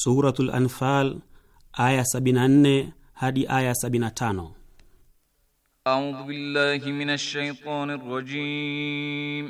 Suratul Anfal aya 74 hadi aya 75. A'udhu billahi minash shaitani rrajim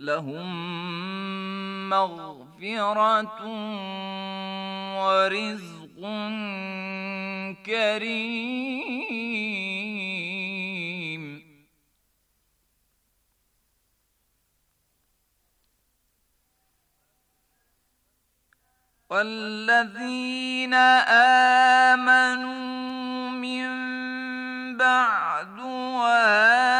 لهم مغفرة ورزق كريم والذين آمنوا من بعد وآمنوا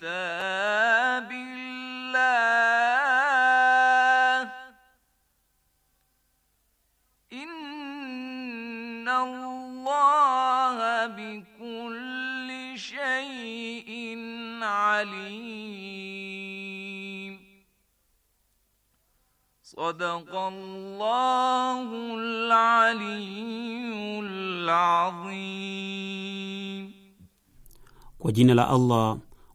كتاب الله إن الله بكل شيء عليم صدق الله العلي العظيم kwa jina la Allah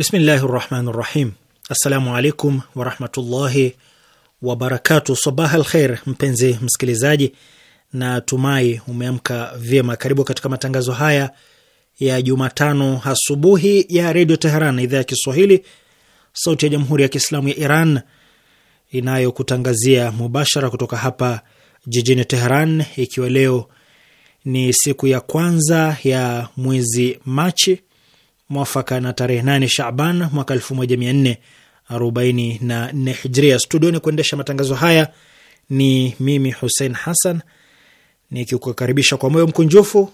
Bismillahi rahmani rahim. Assalamu alaikum warahmatullahi wabarakatu. Sabah al kheir, mpenzi msikilizaji, na tumai umeamka vyema. Karibu katika matangazo haya ya Jumatano asubuhi ya Redio Teheran, idhaa ya Kiswahili, sauti ya Jamhuri ya Kiislamu ya Iran inayokutangazia mubashara kutoka hapa jijini Teheran, ikiwa leo ni siku ya kwanza ya mwezi Machi mwafaka na tarehe nane Shaban mwaka elfu moja mia nne arobaini na nne Hijria. Studioni kuendesha matangazo haya ni mimi Hussein Hassan nikikukaribisha kwa moyo mkunjufu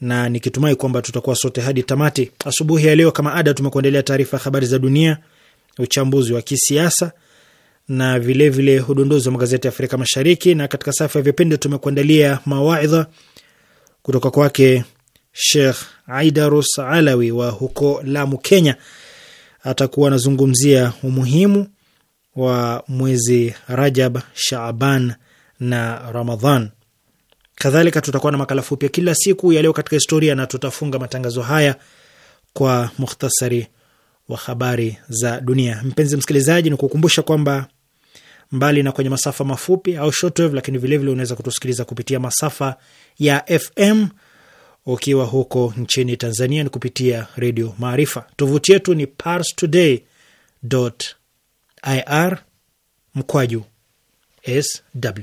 na nikitumai kwamba tutakuwa sote hadi tamati. Asubuhi ya leo, kama ada, tumekuandalia taarifa ya habari za dunia, uchambuzi wa kisiasa na vilevile udondozi wa magazeti ya Afrika Mashariki, na katika safu ya vipindi tumekuandalia mawaidha kutoka kwake Sheikh Aidarus Alawi wa huko Lamu, Kenya, atakuwa anazungumzia umuhimu wa mwezi Rajab, Shaaban na Ramadhan. Kadhalika tutakuwa na makala fupi kila siku ya leo katika historia, na tutafunga matangazo haya kwa mukhtasari wa habari za dunia. Mpenzi msikilizaji, ni kukumbusha kwamba mbali na kwenye masafa mafupi au shortwave, lakini vilevile unaweza kutusikiliza kupitia masafa ya FM ukiwa huko nchini Tanzania ni kupitia Redio Maarifa. Tovuti yetu ni parstoday.ir mkwaju sw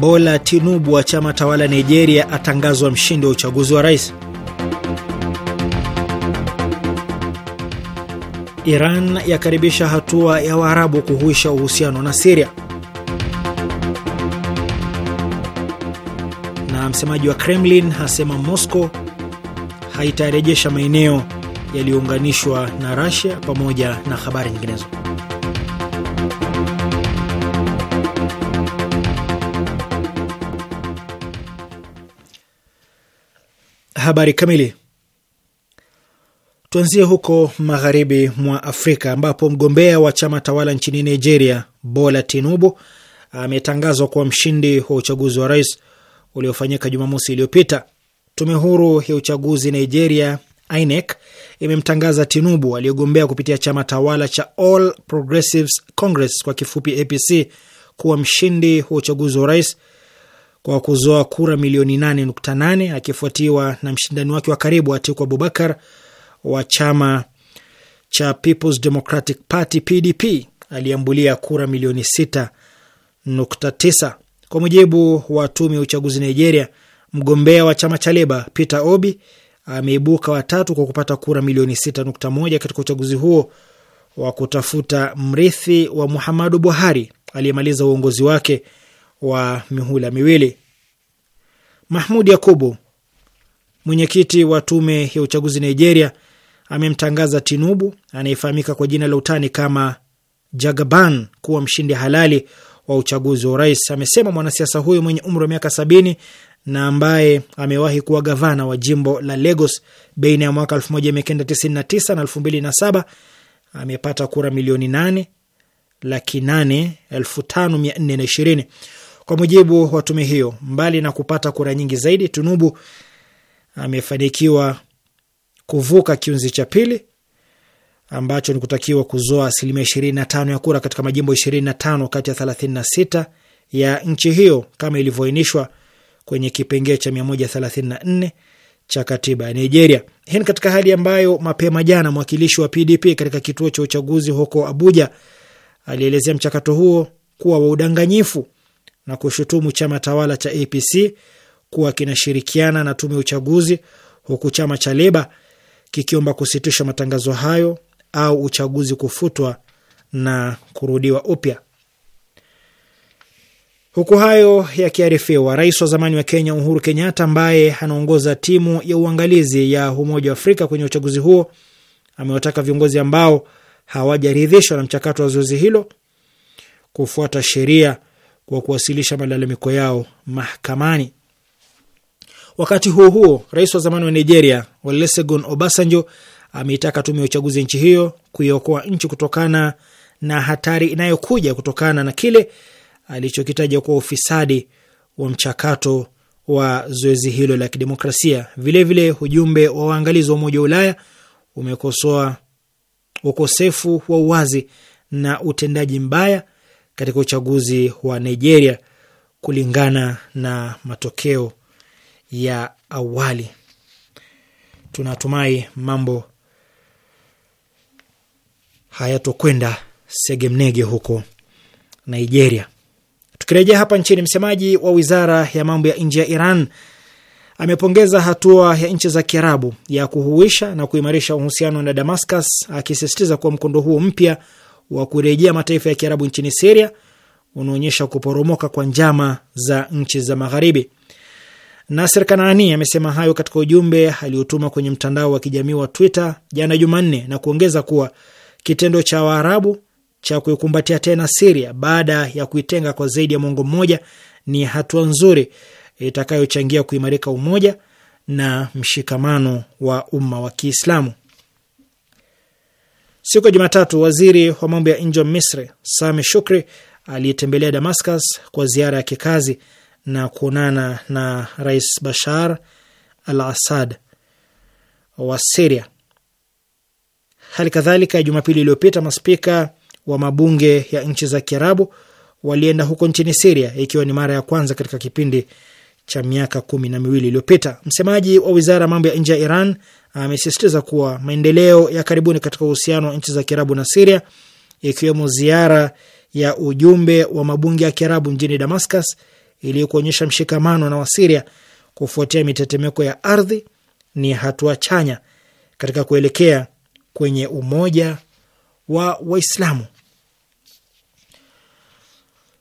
Bola Tinubu wa chama tawala Nigeria atangazwa mshindi wa uchaguzi wa rais. Iran yakaribisha hatua ya Waarabu kuhuisha uhusiano na Siria. Na msemaji wa Kremlin hasema Moscow haitarejesha maeneo yaliyounganishwa na Russia pamoja na habari nyinginezo. habari kamili. Tuanzie huko magharibi mwa Afrika ambapo mgombea wa chama tawala nchini Nigeria, Bola Tinubu, ametangazwa kuwa mshindi wa uchaguzi wa rais uliofanyika Jumamosi iliyopita. Tume huru ya uchaguzi Nigeria, INEC, imemtangaza Tinubu aliyegombea kupitia chama tawala cha All Progressives Congress, kwa kifupi APC, kuwa mshindi wa uchaguzi wa rais kwa kuzoa kura milioni 8.8 akifuatiwa na mshindani wake wa karibu Atiku Abubakar wa chama cha People's Democratic Party PDP aliambulia kura milioni 6.9. Kwa mujibu wa tume ya uchaguzi Nigeria, mgombea wa chama cha Leba Peter Obi ameibuka watatu kwa kupata kura milioni 6.1 katika uchaguzi huo wa kutafuta mrithi wa Muhammadu Buhari aliyemaliza uongozi wake wa mihula miwili. Mahmud Yakubu, mwenyekiti wa tume ya uchaguzi Nigeria, amemtangaza Tinubu anayefahamika kwa jina la utani kama Jagaban kuwa mshindi halali wa uchaguzi wa urais. Amesema mwanasiasa huyo mwenye umri wa miaka sabini na ambaye amewahi kuwa gavana wa jimbo la Lagos baina ya mwaka 1999 na 2007 amepata kura milioni nane laki nane elfu tano mia nne na ishirini. Kwa mujibu wa tume hiyo, mbali na kupata kura nyingi zaidi, Tunubu amefanikiwa kuvuka kiunzi cha pili ambacho ni kutakiwa kuzoa asilimia ishirini na tano ya kura katika majimbo ishirini na tano kati ya thelathini na sita ya nchi hiyo kama ilivyoainishwa kwenye kipengee cha mia moja thelathini na nne cha katiba ya Nigeria. Hii ni katika hali ambayo mapema jana mwakilishi wa PDP katika kituo cha uchaguzi huko Abuja alielezea mchakato huo kuwa wa udanganyifu na kushutumu chama tawala cha APC kuwa kinashirikiana na tume ya uchaguzi, huku chama cha Leba kikiomba kusitishwa matangazo hayo au uchaguzi kufutwa na kurudiwa upya. Huku hayo yakiarifiwa, rais wa zamani wa Kenya Uhuru Kenyatta, ambaye anaongoza timu ya uangalizi ya Umoja wa Afrika kwenye uchaguzi huo, amewataka viongozi ambao hawajaridhishwa na mchakato wa zoezi hilo kufuata sheria kwa kuwasilisha malalamiko yao mahakamani. Wakati huo huo, rais wa zamani wa Nigeria Olusegun Obasanjo ameitaka tume ya uchaguzi nchi hiyo kuiokoa nchi kutokana na hatari inayokuja kutokana na kile alichokitaja kuwa ufisadi wa mchakato wa zoezi hilo la kidemokrasia. Vilevile, ujumbe wa waangalizi wa Umoja wa Ulaya umekosoa ukosefu wa uwazi na utendaji mbaya katika uchaguzi wa Nigeria kulingana na matokeo ya awali. Tunatumai mambo hayatokwenda segemnege huko Nigeria. Tukirejea hapa nchini, msemaji wa wizara ya mambo ya nje ya Iran amepongeza hatua ya nchi za Kiarabu ya kuhuisha na kuimarisha uhusiano na Damascus, akisisitiza kuwa mkondo huo mpya wa kurejea mataifa ya Kiarabu nchini Syria unaonyesha kuporomoka kwa njama za nchi za Magharibi. Nasser Kanaani amesema hayo katika ujumbe aliotuma kwenye mtandao wa kijamii wa Twitter jana Jumanne, na kuongeza kuwa kitendo cha Waarabu cha kuikumbatia tena Siria baada ya kuitenga kwa zaidi ya mwongo mmoja ni hatua nzuri itakayochangia kuimarika umoja na mshikamano wa umma wa Kiislamu. Siku ya Jumatatu, waziri wa mambo ya nje wa Misri Sami Shukri aliyetembelea Damascus kwa ziara ya kikazi na kuonana na Rais Bashar al Assad wa Siria. Hali kadhalika, Jumapili iliyopita maspika wa mabunge ya nchi za Kiarabu walienda huko nchini Siria, ikiwa ni mara ya kwanza katika kipindi cha miaka kumi na miwili iliyopita. Msemaji wa wizara ya mambo ya nje ya Iran amesisitiza kuwa maendeleo ya karibuni katika uhusiano wa nchi za Kiarabu na Siria, ikiwemo ziara ya ujumbe wa mabunge ya Kiarabu mjini Damascus iliyokuonyesha mshikamano na Wasiria kufuatia mitetemeko ya ardhi, ni hatua chanya katika kuelekea kwenye umoja wa Waislamu.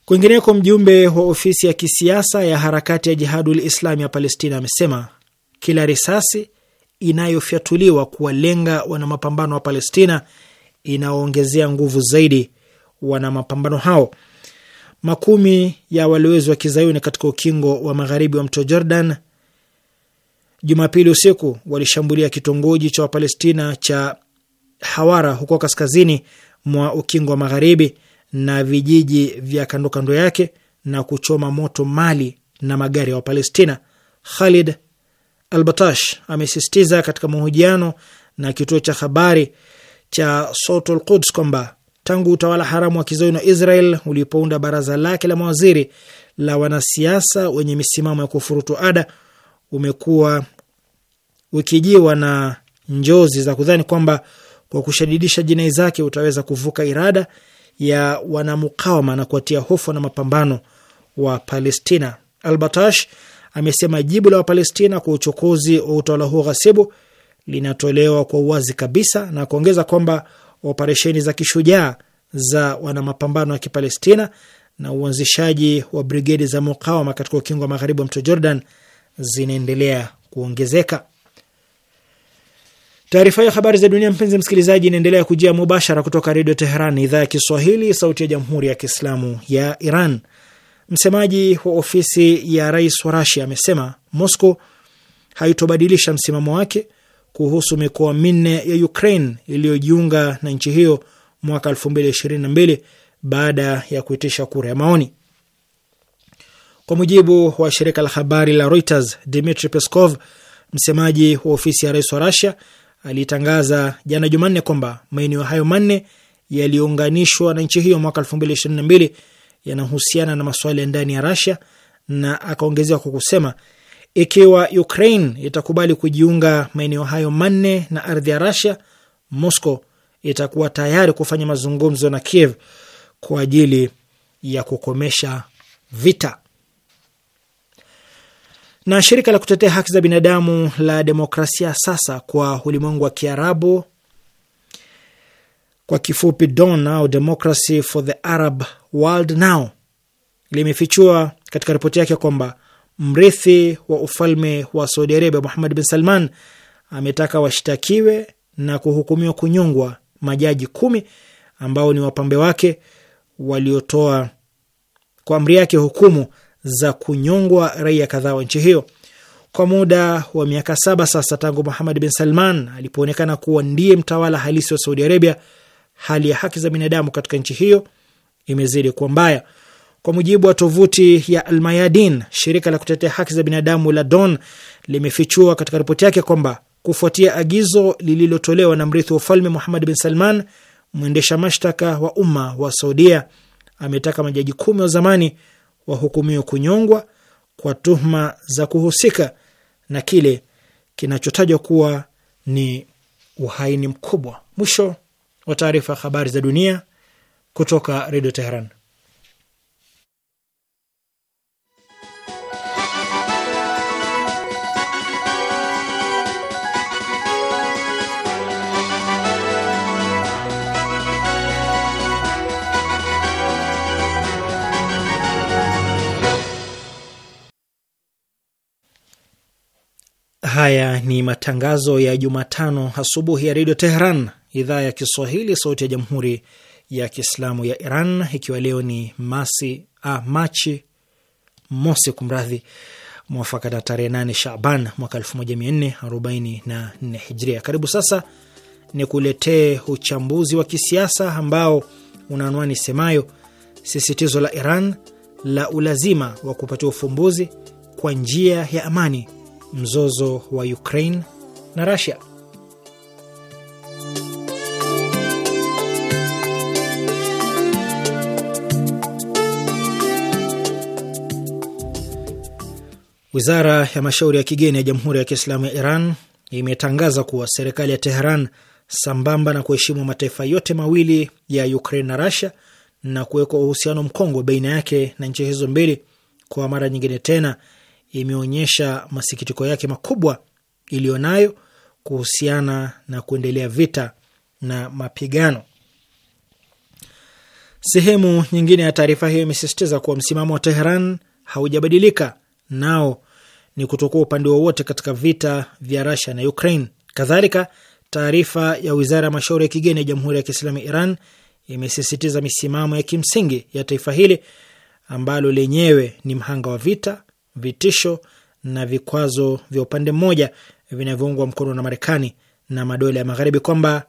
Kwingineko, mjumbe wa ofisi ya kisiasa ya harakati ya Jihadul islam ya Palestina amesema kila risasi inayofyatuliwa kuwalenga wanamapambano wa Palestina inaoongezea nguvu zaidi wanamapambano hao. Makumi ya walowezi wa kizayuni katika ukingo wa magharibi wa mto Jordan Jumapili usiku walishambulia kitongoji cha Wapalestina cha Hawara huko kaskazini mwa ukingo wa magharibi na vijiji vya kandokando yake na kuchoma moto mali na magari ya wa Wapalestina. Khalid Albatash amesisitiza katika mahojiano na kituo cha habari cha Sot Quds kwamba tangu utawala haramu wa kizayuni wa Israel ulipounda baraza lake la mawaziri la wanasiasa wenye misimamo ya kufurutu ada umekuwa ukijiwa na njozi za kudhani kwamba kwa kushadidisha jinai zake utaweza kuvuka irada ya wanamukawama na kuatia hofu na mapambano wa Palestina. Albatash amesema jibu la Wapalestina kwa uchokozi wa utawala huo ghasibu linatolewa kwa uwazi kabisa, na kuongeza kwamba operesheni za kishujaa za wanamapambano ya Kipalestina na uanzishaji wa brigedi za mukawama katika ukingo wa magharibi wa mto Jordan zinaendelea kuongezeka. Taarifa ya habari za dunia, mpenzi msikilizaji, inaendelea kujia mubashara kutoka Redio Teheran, idhaa ya Kiswahili, sauti ya jamhuri ya kiislamu ya Iran. Msemaji wa ofisi ya rais wa Rasia amesema Moscow haitobadilisha msimamo wake kuhusu mikoa minne ya Ukraine iliyojiunga na nchi hiyo mwaka 2022 baada ya kuitisha kura ya maoni. Kwa mujibu wa shirika la habari la Reuters, Dmitri Peskov, msemaji wa ofisi ya rais wa Rasia, alitangaza jana Jumanne kwamba maeneo hayo manne yaliyounganishwa na nchi hiyo mwaka 2022 yanahusiana na masuala ya ndani ya Russia, na akaongezea kwa kusema ikiwa Ukraine itakubali kujiunga maeneo hayo manne na ardhi ya Russia, Moscow itakuwa tayari kufanya mazungumzo na Kiev kwa ajili ya kukomesha vita. Na shirika la kutetea haki za binadamu la Demokrasia Sasa kwa ulimwengu wa Kiarabu kwa kifupi DON au Democracy for the Arab World Now limefichua katika ripoti yake kwamba mrithi wa ufalme wa Saudi Arabia Muhammad bin Salman ametaka washtakiwe na kuhukumiwa kunyongwa majaji kumi ambao ni wapambe wake waliotoa kwa amri yake hukumu za kunyongwa raia kadhaa wa nchi hiyo kwa muda wa miaka saba sasa tangu Muhammad bin Salman alipoonekana kuwa ndiye mtawala halisi wa Saudi Arabia hali ya haki za binadamu katika nchi hiyo imezidi kuwa mbaya. Kwa mujibu wa tovuti ya Almayadin, shirika la kutetea haki za binadamu la Don limefichua katika ripoti yake kwamba kufuatia agizo lililotolewa na mrithi wa ufalme Muhammad bin Salman, mwendesha mashtaka wa umma wa Saudia ametaka majaji kumi wa zamani wahukumiwe kunyongwa kwa tuhuma za kuhusika na kile kinachotajwa kuwa ni uhaini mkubwa. Mwisho wa taarifa ya habari za dunia kutoka Redio Teheran. Haya ni matangazo ya Jumatano asubuhi ya Redio Teheran idhaa ya Kiswahili, sauti ya jamhuri ya kiislamu ya Iran, ikiwa leo ni masi, a ah, Machi mosi, kumradhi, mwafaka na tarehe 8 Shaban mwaka 1444 Hijria. Karibu sasa ni kuletee uchambuzi wa kisiasa ambao una anwani semayo sisitizo la Iran la ulazima wa kupatia ufumbuzi kwa njia ya amani mzozo wa Ukraine na Russia. Wizara ya mashauri ya kigeni ya Jamhuri ya Kiislamu ya Iran imetangaza kuwa serikali ya Teheran, sambamba na kuheshimu mataifa yote mawili ya Ukraine na rasia na kuwekwa uhusiano mkongwe baina yake na nchi hizo mbili, kwa mara nyingine tena imeonyesha masikitiko yake makubwa iliyonayo kuhusiana na kuendelea vita na mapigano. Sehemu nyingine ya taarifa hiyo imesisitiza kuwa msimamo wa Teheran haujabadilika nao ni kutokuwa upande wowote katika vita vya rasia na Ukraine. Kadhalika, taarifa ya wizara ya mashauri ya kigeni ya Jamhuri ya Kiislamu ya Iran imesisitiza misimamo ya kimsingi ya taifa hili ambalo lenyewe ni mhanga wa vita, vitisho na vikwazo vya upande mmoja vinavyoungwa mkono na Marekani na madola ya Magharibi, kwamba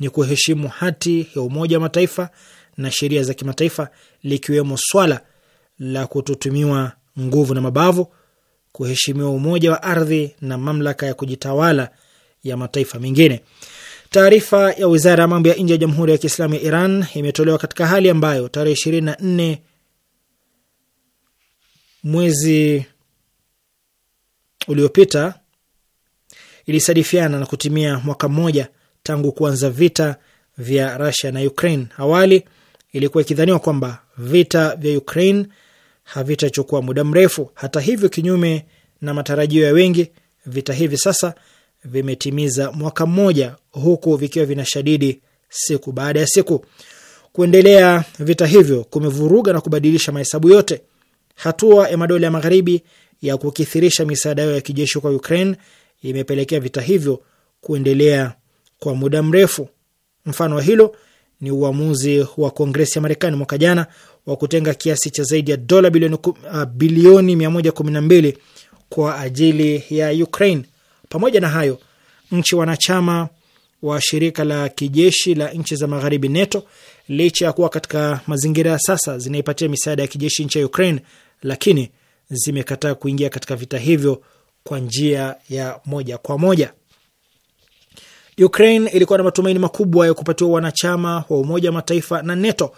ni kuheshimu hati ya Umoja wa Mataifa na sheria za kimataifa, likiwemo swala la kututumiwa nguvu na mabavu, kuheshimiwa umoja wa ardhi na mamlaka ya kujitawala ya mataifa mengine. Taarifa ya wizara ya mambo ya nje ya Jamhuri ya Kiislamu ya Iran imetolewa katika hali ambayo tarehe ishirini na nne mwezi uliopita ilisadifiana na kutimia mwaka mmoja tangu kuanza vita vya Rusia na Ukraine. Awali ilikuwa ikidhaniwa kwamba vita vya Ukraine havitachukua muda mrefu. Hata hivyo, kinyume na matarajio ya wengi, vita hivi sasa vimetimiza mwaka mmoja, huku vikiwa vinashadidi siku baada ya siku. Kuendelea vita hivyo kumevuruga na kubadilisha mahesabu yote. Hatua ya madola ya magharibi ya kukithirisha misaada yao ya kijeshi kwa Ukraine imepelekea vita hivyo kuendelea kwa muda mrefu. Mfano wa hilo ni uamuzi wa Kongresi ya Marekani mwaka jana wa kutenga kiasi cha zaidi ya dola bilioni, uh, bilioni 112 kwa ajili ya Ukraine. Pamoja na hayo, nchi wanachama wa shirika la kijeshi la nchi za magharibi NATO, licha ya kuwa katika mazingira ya sasa zinaipatia misaada ya kijeshi nchi ya Ukraine, lakini zimekataa kuingia katika vita hivyo kwa njia ya moja kwa moja. Ukraine ilikuwa na matumaini makubwa ya kupatiwa wanachama wa Umoja wa Mataifa na NATO,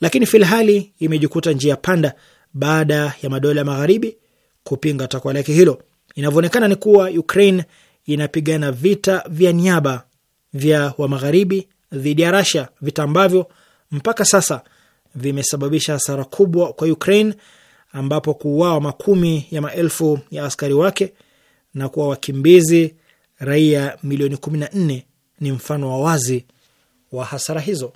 lakini filhali imejikuta njia panda baada ya madola ya magharibi kupinga takwa lake hilo. Inavyoonekana ni kuwa Ukraine inapigana vita vya niaba vya wa magharibi dhidi ya Russia, vita ambavyo mpaka sasa vimesababisha hasara kubwa kwa Ukraine, ambapo kuuawa makumi ya maelfu ya askari wake na kuwa wakimbizi raia milioni 14 ni mfano wa wazi wa hasara hizo.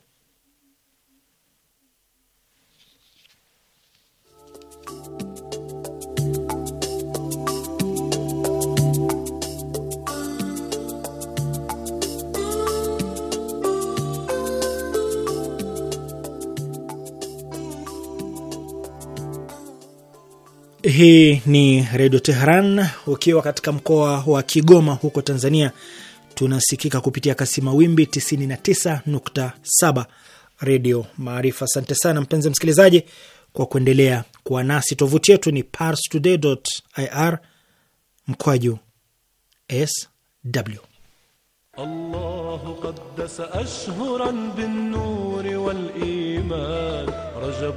Hii ni Redio Teheran. Ukiwa katika mkoa wa Kigoma huko Tanzania, tunasikika kupitia kasi mawimbi 99.7 Redio Maarifa. Asante sana mpenzi msikilizaji kwa kuendelea kuwa nasi. Tovuti yetu ni parstoday.ir mkwaju sw الله قدس أشهرا بالنور والإيمان رجب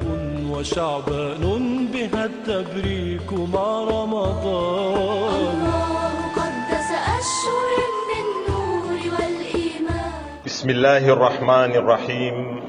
وشعبان بها التبريك مع رمضان الله قدس أشهرا بالنور والإيمان بسم الله الرحمن الرحيم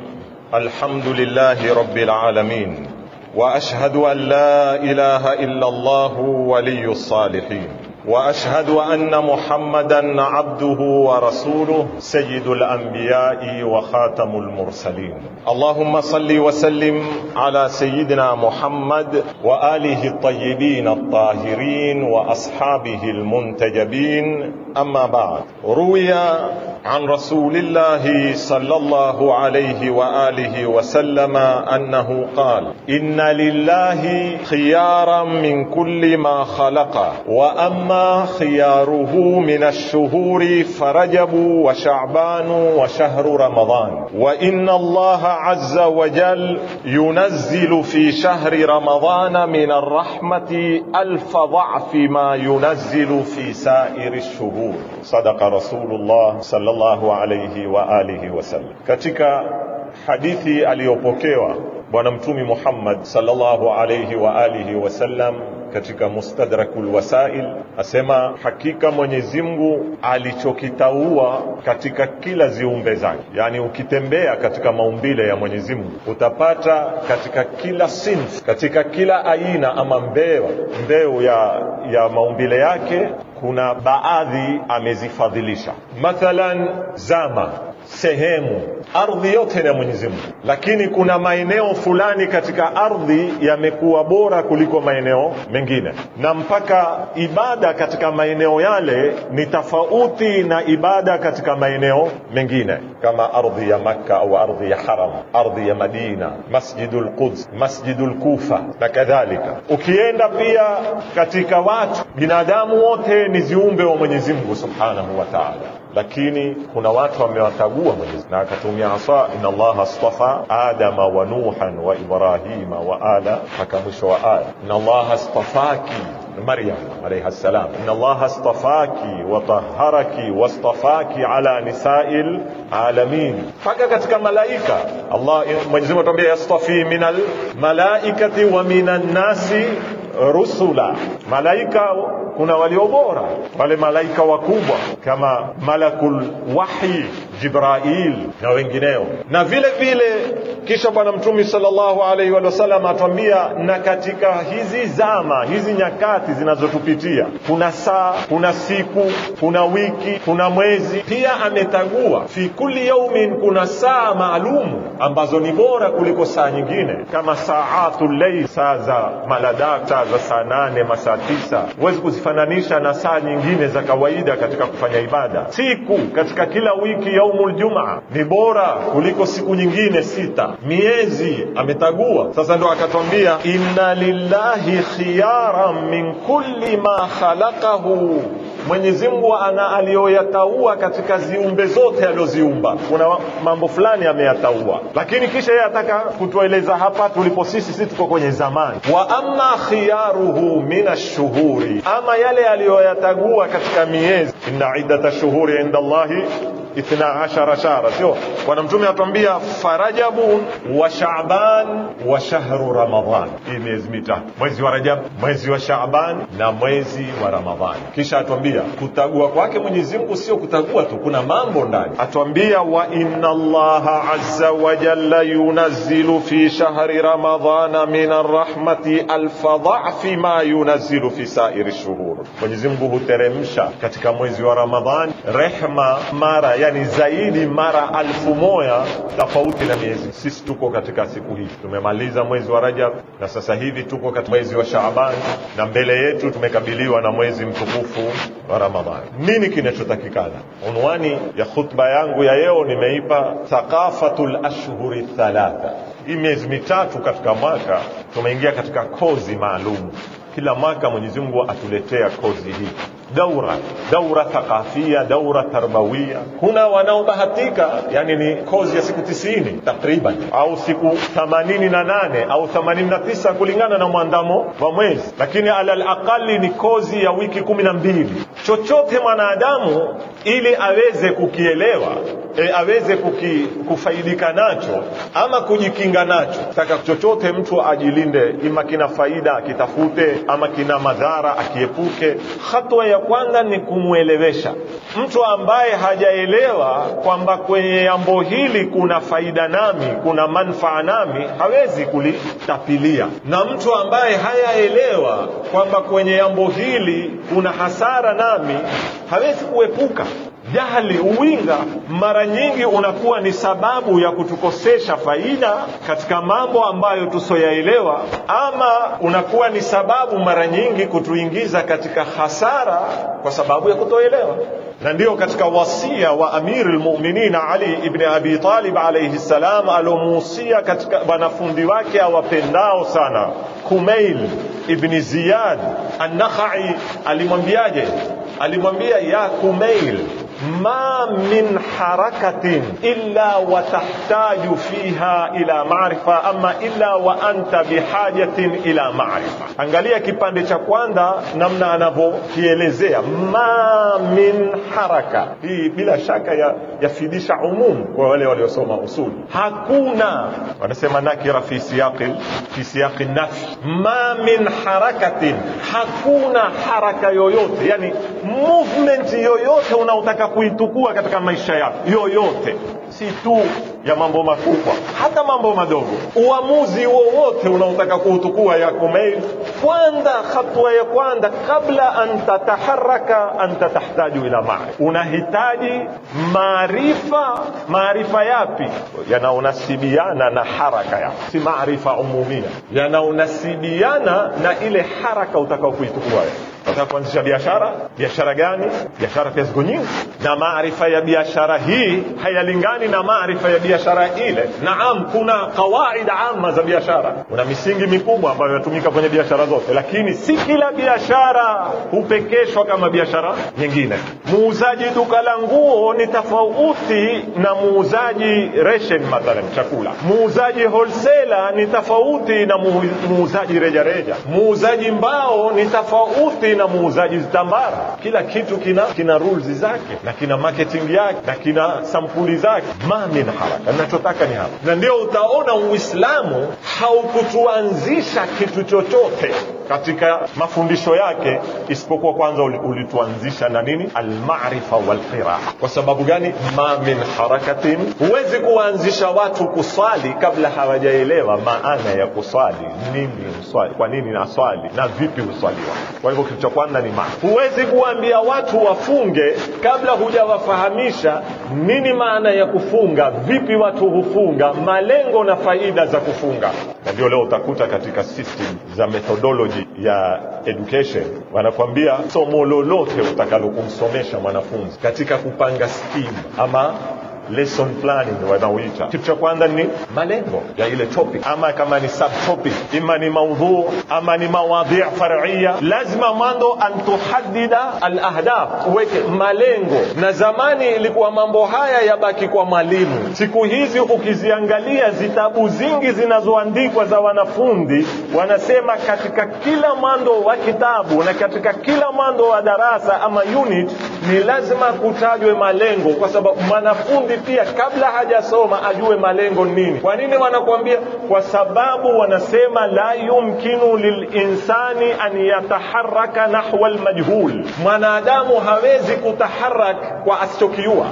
الحمد لله رب العالمين وأشهد أن لا إله إلا الله ولي الصالحين واشهد ان محمدا عبده ورسوله سيد الانبياء وخاتم المرسلين اللهم صل وسلم على سيدنا محمد واله الطيبين الطاهرين واصحابه المنتجبين اما بعد روي عن رسول الله صلى الله عليه واله وسلم انه قال ان لله خيارا من كل ما خلق واما خياره من الشهور فرجب وشعبان وشهر رمضان وإن الله عز وجل ينزل في شهر رمضان من الرحمة ألف ضعف ما ينزل في سائر الشهور صدق رسول الله صلى الله عليه وآله وسلم كتك حديثي اليوبوكيوة bwana محمد صلى الله عليه وآله وسلم katika Mustadrakul Wasail asema, hakika Mwenyezi Mungu alichokitaua katika kila ziumbe zake, yani ukitembea katika maumbile ya Mwenyezi Mungu utapata katika kila sins, katika kila aina ama mbeo mbeo ya, ya maumbile yake kuna baadhi amezifadhilisha, mathalan zama sehemu ardhi yote ni ya Mwenyezi Mungu, lakini kuna maeneo fulani katika ardhi yamekuwa bora kuliko maeneo mengine, na mpaka ibada katika maeneo yale ni tofauti na ibada katika maeneo mengine, kama ardhi ya Makka au ardhi ya Haram, ardhi ya Madina, Masjidul Quds, Masjidul Kufa na kadhalika. Ukienda pia katika watu, binadamu wote ni ziumbe wa Mwenyezi Mungu Subhanahu wa Ta'ala lakini kuna watu amewakagua Mwenyezi na akatumia asa, inna allaha astafa adama wa nuhan wa ibrahima wa ala mpaka mwisho wa aya. Inna allaha astafaki Maryam alayha salam, inna allaha astafaki wa taharaki wa astafaki ala nisail alamin, mpaka katika malaika. Allah Mwenyezi Mungu atuambia yastafi minal malaikati wa minan nasi rusula, malaika kuna walio bora, wale malaika wakubwa kama malakul wahyi Jibrail na wengineo, na vile vile kisha Bwana Mtume sallallahu alaihi wa sallam atwambia, na katika hizi zama hizi nyakati zinazotupitia kuna saa, kuna siku, kuna wiki, kuna mwezi. Pia ametagua fi kulli yaumin, kuna saa maalumu ambazo ni bora kuliko saa nyingine, kama saatu layl, saa za maladak, za saa nane masaa tisa huwezi kuzifananisha na saa nyingine za kawaida katika kufanya ibada. Siku katika kila wiki yaumul jumaa ni bora kuliko siku nyingine sita. Miezi ametagua sasa, ndo akatwambia inna lillahi khiyara min kulli ma khalaqahu Mwenyezi Mungu ana aliyoyataua katika ziumbe zote aliyoziumba, kuna mambo fulani ameyataua, lakini kisha yeye ataka kutueleza hapa tulipo sisi, si tuko kwenye zamani. Wa amma khiyaruhu min ashuhuri, ama yale aliyoyatagua katika miezi, inna iddat shuhuri inda Allahi ithna ashara shahra, sio? Bwana Mtume atuambia farajabu wa shaaban wa shahru ramadhan, hii miezi mitatu, mwezi wa Rajab, mwezi wa Shaaban na mwezi wa Ramadhan. Kisha atuambia kutagua kwake Mwenyezi Mungu sio kutagua tu, kuna mambo ndani. Atuambia wa inna Allaha azza wa jalla yunazzilu fi shahri ramadhana min arrahmati alfa dhafi ma yunazzilu fi sairi shuhur, Mwenyezi Mungu huteremsha katika mwezi wa Ramadhan rehma mara ya ni zaidi mara alfu moja tofauti na miezi. Sisi tuko katika siku hii, tumemaliza mwezi wa Rajab na sasa hivi tuko katika mwezi wa Shaaban na mbele yetu tumekabiliwa na mwezi mtukufu wa Ramadhani. Nini kinachotakikana? Unwani ya khutba yangu ya leo nimeipa thaqafatul ashhuri thalatha. Hii miezi mitatu katika mwaka tumeingia katika kozi maalum. Kila mwaka Mwenyezi Mungu atuletea kozi hii daura daura thakafia daura tarbawia. Kuna wanaobahatika yani ni kozi ya siku tisini takriban au siku thamanini na nane au thamanini na tisa kulingana na mwandamo wa mwezi, lakini alal aqali ni kozi ya wiki kumi na mbili. Chochote mwanadamu ili aweze kukielewa E, aweze kuki, kufaidika nacho ama kujikinga nacho. Taka chochote mtu ajilinde, ima kina faida akitafute, ama kina madhara akiepuke. hatua ya kwanza ni kumwelewesha mtu ambaye hajaelewa kwamba kwenye jambo hili kuna faida nami, kuna manufaa nami, hawezi kulitapilia. Na mtu ambaye hayaelewa kwamba kwenye jambo hili kuna hasara nami, hawezi kuepuka. Jahli, uwinga, mara nyingi unakuwa ni sababu ya kutukosesha faida katika mambo ambayo tusoyaelewa, ama unakuwa ni sababu mara nyingi kutuingiza katika hasara kwa sababu ya kutoelewa na ndiyo katika wasia wa Amiri lmuminin Ali ibni Abi Talib alaihi ssalam, alomuusia katika wanafunzi wake awapendao sana, Kumail ibni Ziyad Annakhai alimwambiaje? Alimwambia ya Kumail ma min harakatin illa watahtaju fiha ila maarifa ama illa wa anta bihajatin ila maarifa. Angalia kipande cha kwanza namna anavyokielezea ma min haraka hii, bila shaka ya yafidisha umumu kwa wale waliosoma usuli. Hakuna wanasema nakira fi siyaqi fi siyaqi nafi, ma min harakatin, hakuna haraka yoyote, yani movement yoyote unaotaka kuitukua katika maisha yako yoyote, si tu ya mambo makubwa, hata mambo madogo. Uamuzi wowote unaotaka kuutukua yako mail, kwanza hatua ya kwanza, kabla an tataharaka anta tahtaju ila maarifa, unahitaji maarifa. Maarifa yapi? yanaonasibiana na haraka yako, si maarifa umumia, yanaonasibiana na ile haraka utakaokuitukua Unataka kuanzisha biashara, biashara gani? Biashara pia ziko nyingi, na maarifa ya biashara hii hayalingani na maarifa ya biashara ile. Naam, kuna kawaida ama za biashara, kuna misingi mikubwa ambayo inatumika kwenye biashara zote, lakini si kila biashara hupekeshwa kama biashara nyingine. Muuzaji duka la nguo ni tofauti na muuzaji reshen mathalan chakula. Muuzaji wholesaler ni tofauti na muuzaji rejareja. Muuzaji mbao ni tofauti na muuzaji tambara. Kila kitu kina kina rules zake na kina marketing yake na kina sampuli zake. mamin min tunachotaka nachotaka ni hapa na ndio utaona uislamu haukutuanzisha kitu chochote katika mafundisho yake isipokuwa kwanza ulituanzisha na nini almarifa walqira kwa sababu gani ma min harakatin huwezi kuwaanzisha watu kuswali kabla hawajaelewa maana ya kuswali nini uswali kwa nini naswali na vipi huswaliwa kwa hivyo kitu cha kwanza ni ma huwezi kuambia watu wafunge kabla hujawafahamisha nini maana ya kufunga vipi vipi watu hufunga, malengo na faida za kufunga. Na ndio leo utakuta katika system za methodology ya education wanakwambia somo lolote utakalokumsomesha mwanafunzi katika kupanga skimu ama lesson planning wanaoita. Kitu cha kwanza ni malengo ya ile topic, ama kama ni subtopic, ima ni maudhu ama ni mawadhi faria. Lazima mwanzo antuhadida alahdaf, uweke malengo. Na zamani ilikuwa mambo haya yabaki kwa mwalimu. Siku hizi ukiziangalia zitabu zingi zinazoandikwa za wanafunzi, wanasema katika kila mwando wa kitabu na katika kila mwando wa darasa ama unit ni lazima kutajwe malengo, kwa sababu mwanafunzi pia kabla hajasoma ajue malengo nini. Kwa nini wanakuambia? Kwa sababu wanasema la yumkinu lilinsani an yataharaka nahwa almajhul, mwanadamu hawezi kutaharak kwa asichokijua.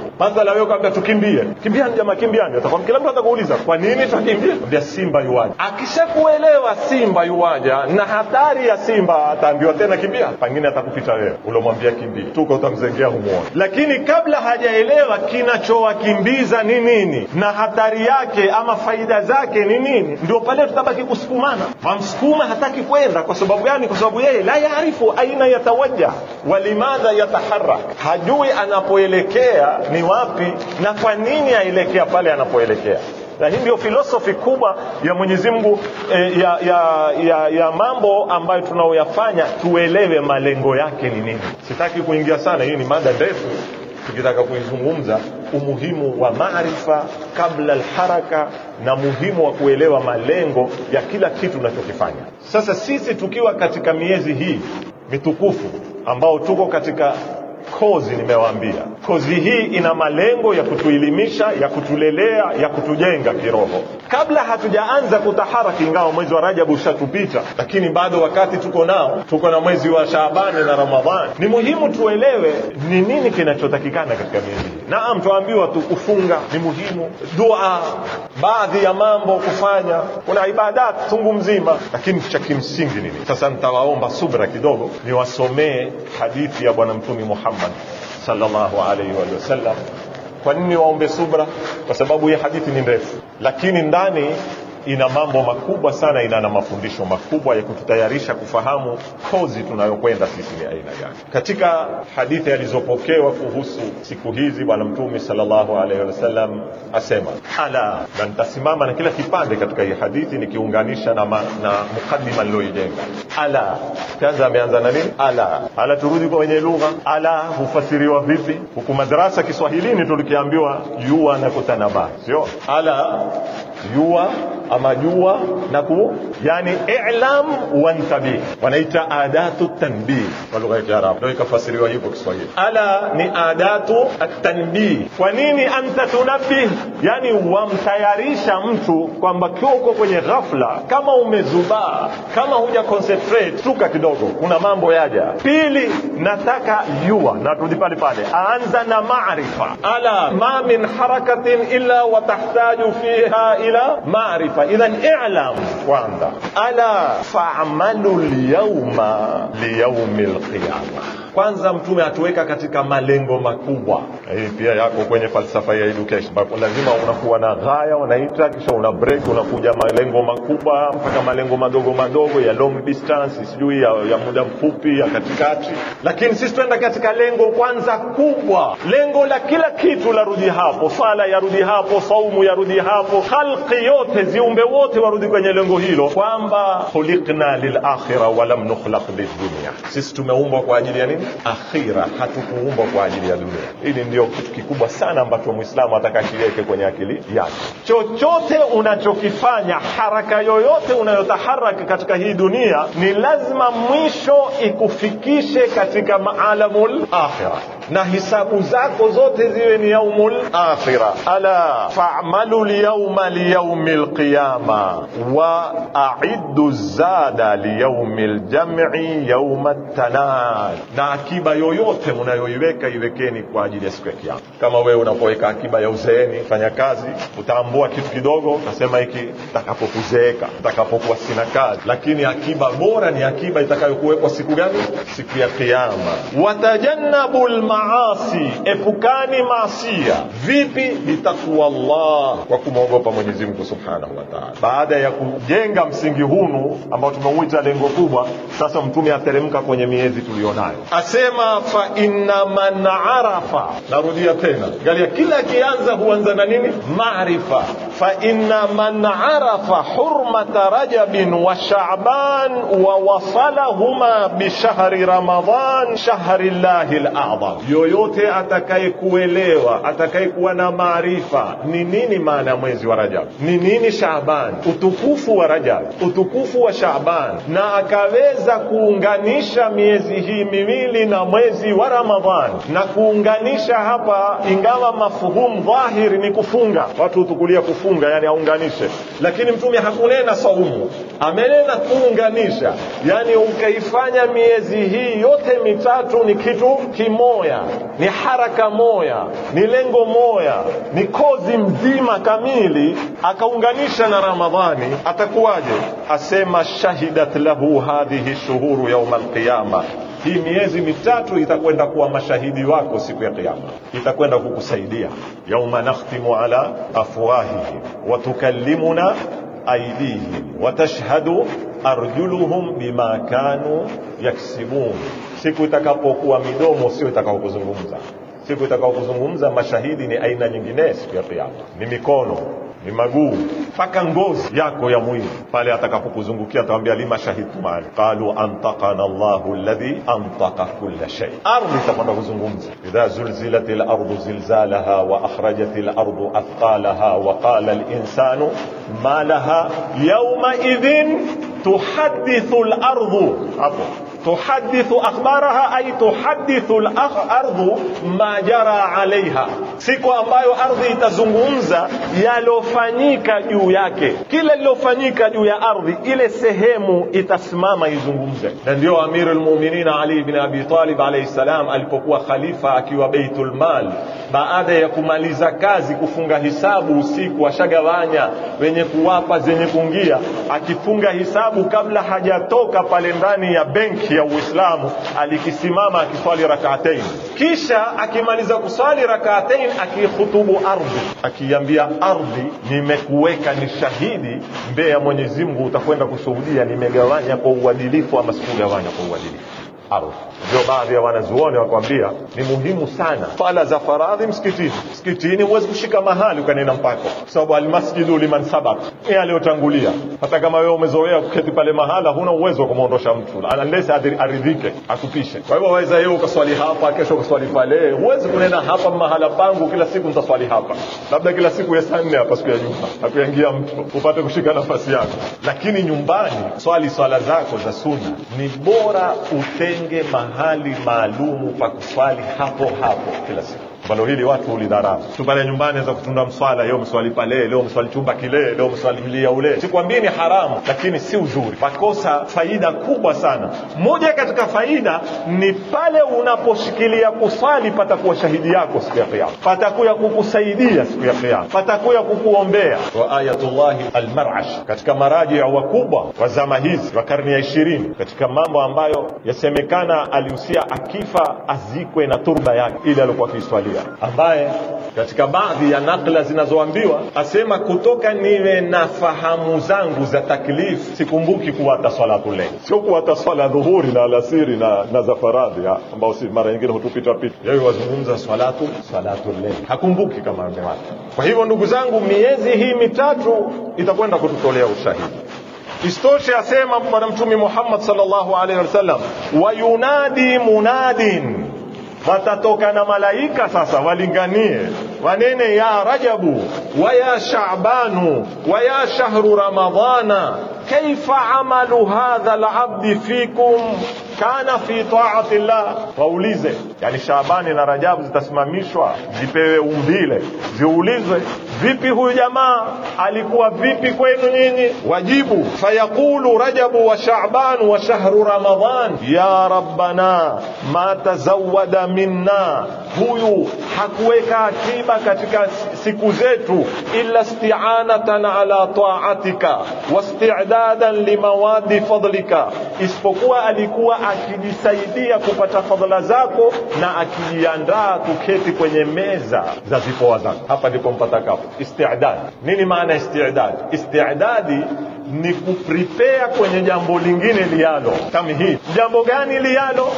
la wewe kabla tukimbie, kimbiani jamaa, kimbiani, atakwa kila mtu atakuuliza kwa nini tukimbie, ndio simba yuaja. Akishakuelewa simba yuaja na hatari ya simba, ataambiwa tena kimbia, pangine atakupita wewe ulomwambia kimbia, tuko utamzengea humuona. Lakini kabla hajaelewa kinachowa kukimbiza ni nini na hatari yake ama faida zake ni nini, ndio pale tutabaki kusukumana. Wamsukuma hataki kwenda. Kwa sababu gani? Kwa sababu yeye la yaarifu aina yatawaja walimadha yataharak, hajui anapoelekea ni wapi na kwa nini aelekea pale anapoelekea na hii ndio filosofi kubwa ya Mwenyezi Mungu e, ya, ya, ya, ya mambo ambayo tunaoyafanya tuelewe malengo yake ni nini. Sitaki kuingia sana, hii ni mada ndefu, tukitaka kuizungumza umuhimu wa maarifa kabla alharaka na muhimu wa kuelewa malengo ya kila kitu tunachokifanya. Sasa sisi tukiwa katika miezi hii mitukufu ambao tuko katika kozi nimewaambia kozi hii ina malengo ya kutuilimisha ya kutulelea ya kutujenga kiroho kabla hatujaanza kutaharaki ingawa mwezi wa rajabu ushatupita lakini bado wakati tuko nao tuko na mwezi wa shaabani na ramadhani ni muhimu tuelewe ni nini kinachotakikana katika miezi hii naam twaambiwa tu kufunga ni muhimu dua baadhi ya mambo kufanya kuna ibadati tungu mzima lakini cha kimsingi nini sasa nitawaomba subra kidogo niwasomee hadithi ya bwana Mtume muhammad Muhammad sallallahu alaihi wa sallam. Kwa nini waombe subra? Kwa sababu hii hadithi ni ndefu, lakini ndani ina mambo makubwa sana, ina na mafundisho makubwa ya kututayarisha kufahamu kozi tunayokwenda sisi ni aina gani. Katika hadithi alizopokewa kuhusu siku hizi, Bwana Mtume sallallahu alaihi wasallam asema ala, na nitasimama na kila kipande katika hii hadithi nikiunganisha na, ma, na mukaddima niloijenga. Ala kwanza ameanza na nini? Ala ala, turudi wenye lugha. Ala hufasiriwa vipi? Huku madrasa Kiswahilini tulikiambiwa jua na kutanaba, sio ala jua ama jua na ku yani i'lam wa wantabih, wanaita adatu tanbih kwa lugha ya Kiarabu, ndio ikafasiriwa hivyo Kiswahili. Ala ni adatu atanbih. Kwa nini anta tunabih? Yani wamtayarisha mtu kwamba kiwa uko kwenye ghafla, kama umezubaa, kama huja concentrate, shuka kidogo, kuna mambo yaja. Pili, nataka jua, na turudi pale pale, aanza na maarifa. Ala ma min harakatin illa wa tahtaju fiha ila إلى معرفة إذا اعلم واندر ألا فاعملوا اليوم ليوم القيامة Kwanza Mtume atuweka katika malengo makubwa. Hii pia yako kwenye falsafa ya education, ambapo lazima unakuwa na ghaya unaita, kisha una break, unakuja malengo makubwa mpaka malengo madogo madogo ya long distance, sijui ya, ya muda mfupi, ya katikati. Lakini sisi tuenda katika lengo kwanza kubwa, lengo la kila kitu larudi hapo, sala yarudi hapo, saumu yarudi hapo, khalqi yote, ziumbe wote warudi kwenye lengo hilo, kwamba khuliqna wa lam nukhlaq lidunia, sisi tumeumbwa kwa ajili ya nini? akhira, hatukuumbwa kwa ajili ya dunia. Hili ndio kitu kikubwa sana ambacho mwislamu ataka kiweke kwenye akili yake. Chochote unachokifanya, haraka yoyote unayotaharaka katika hii dunia, ni lazima mwisho ikufikishe katika maalamul akhira na hisabu zako zote ziwe ni yaumul akhira. Ala fa'malu lyauma liyaumi lqiyama wa aiddu zada liyaumi ljam'i yauma tanad, na akiba yoyote munayoiweka iwekeni kwa ajili ya siku ya Kiyama. Kama wewe unapoweka akiba ya uzeeni, fanya kazi, utaambua kitu kidogo, nasema hiki takapokuzeeka, takapokuwa sina kazi. Lakini akiba bora ni akiba itakayokuwekwa siku gani? Siku ya Kiyama. watajannabul maasi, epukani maasia. Vipi? Bitakuwa Allah, kwa kumwogopa Mwenyezi Mungu subhanahu wa taala. Baada ya kujenga msingi hunu ambao tumeuita lengo kubwa, sasa Mtume ateremka kwenye miezi tuliyonayo, asema fa inna man arafa, narudia tena, galia kila kianza huanza na nini? Maarifa. fa inna man arafa hurmata rajabin wa shaaban wa wasalahuma bishahri ramadhan shahri llahi al-a'zam yoyote atakayekuelewa, atakayekuwa na maarifa ni nini maana ya mwezi wa Rajab, ni nini Shaaban, utukufu wa Rajab, utukufu wa Shaaban, na akaweza kuunganisha miezi hii miwili na mwezi wa Ramadhan na kuunganisha hapa, ingawa mafuhumu dhahiri ni kufunga, watu hutukulia kufunga, yani aunganishe, lakini Mtume hakunena saumu, amenena kuunganisha, yani ukaifanya miezi hii yote mitatu ni kitu kimoya moya, ni haraka moya, ni lengo moya, ni kozi mzima kamili, akaunganisha na Ramadhani, atakuwaje? Asema shahidat lahu hadhihi shuhuru yauma alqiyama hii miezi mitatu itakwenda kuwa mashahidi wako siku ya Kiyama, itakwenda kukusaidia. yauma nakhtimu ala afwahihi wa tukallimuna aidihim wa tashhadu arjuluhum bima kanu yaksibun, siku itakapokuwa midomo sio itakaokuzungumza. Siku itakaokuzungumza mashahidi ni aina nyingine siku ya Kiyama, ni mikono ni maguu mpaka ngozi yako ya mwili. Pale atakapokuzungukia atawambia, lima shahidtum mali qalu antaqana Allahu alladhi antaka kulla shay. Ardhi itakwenda kuzungumza, idha zulzilat lardu zilzalaha wa akhrajat lardu athqalaha wa qala linsanu ma laha yaumaidhin tuhadithu lardu. Hapo tuhadithu akhbaraha ay tuhadithu al-ardhu ma jara alaiha, siku ambayo ardhi itazungumza yalofanyika juu yake. kile lilofanyika juu ya ardhi, ile sehemu itasimama izungumze. Na ndio Amir al-Mu'minin Ali ibn Abi Talib alayhi salam alipokuwa khalifa akiwa Baitul Mal, baada ya kumaliza kazi, kufunga hisabu usiku, ashagawanya wenye kuwapa zenye kuingia, akifunga hisabu kabla hajatoka pale ndani ya benki ya Uislamu alikisimama akiswali rakaatain, kisha akimaliza kuswali rakaatain akihutubu ardhi, akiambia ardhi, nimekuweka ni shahidi mbele ya Mwenyezi Mungu, utakwenda kushuhudia nimegawanya kwa uadilifu ama sikugawanya kwa uadilifu harufu. Ndio baadhi ya wanazuoni wakwambia ni muhimu sana swala za faradhi msikitini. Msikitini huwezi kushika mahali ukanena mpako, kwa sababu almasjidu liman sabaq, yeye aliyotangulia. Hata kama wewe umezoea kuketi pale mahala, huna uwezo wa kumwondosha mtu unless aridhike, akupishe. Kwa hivyo waweza yeye ukaswali hapa, kesho ukaswali pale. Huwezi kunena hapa mahala pangu kila siku nitaswali hapa, labda kila siku ya saa nne hapa, siku ya Juma akuingia mtu upate kushika nafasi yako, lakini nyumbani swali swala zako za sunna, ni bora ute tutenge mahali maalumu pa kuswali hapo hapo kila siku ambalo hili watu hulidharau. Chumbani nyumbani za kutunda mswala, leo mswali pale, leo mswali chumba kile, leo mswali mlia ule. Sikwambii ni haramu, lakini si uzuri, pakosa faida kubwa sana. Moja katika faida ni pale unaposhikilia kuswali, patakuwa shahidi yako siku ya Kiyama, patakuya kukusaidia siku ya Kiyama, patakuya kukuombea. Wa ayatullahi almarash, katika maraji wakubwa wa zama hizi wa karne ya ishirini, katika mambo ambayo yasemekana alihusia akifa azikwe na turba yake ile aliokuwa akiiswalia mmoja ambaye katika baadhi ya nakla zinazoambiwa asema, kutoka niwe na fahamu zangu za taklif sikumbuki kuwata swala kule, sio kuwata swala dhuhuri na alasiri na, na za faradhi ambao si mara nyingine hutupita pita, yeye wazungumza swalatu swalatu le hakumbuki kama amewata. Kwa hivyo ndugu zangu, miezi hii mitatu itakwenda kututolea ushahidi. Istoshe asema Bwana Mtume Muhammad sallallahu alaihi wasallam, wayunadi munadin watatoka na malaika sasa walinganie wanene ya Rajabu wa ya Shaabanu wa ya shahru Ramadhana kaifa amalu hadha labdi fikum kana fi taati llah, waulize yani Shabani na Rajabu zitasimamishwa zipewe umbile, ziulizwe vipi huyu jamaa alikuwa vipi kwenu nyinyi? Wajibu, fayaqulu Rajabu wa Shaban wa shahru Ramadhan, ya rabbana ma tazawwada minna, huyu hakuweka akiba katika siku zetu illa isti'anatan ala taatika wa imdadan limawadi fadlika, isipokuwa alikuwa akijisaidia kupata fadhila zako na akijiandaa kuketi kwenye meza za zipoa zako. Hapa ndipo mpata kapo istidad. Nini maana istidad? Istidadi ni kuprepare kwenye jambo lingine lialo. Kama hii jambo gani lialo?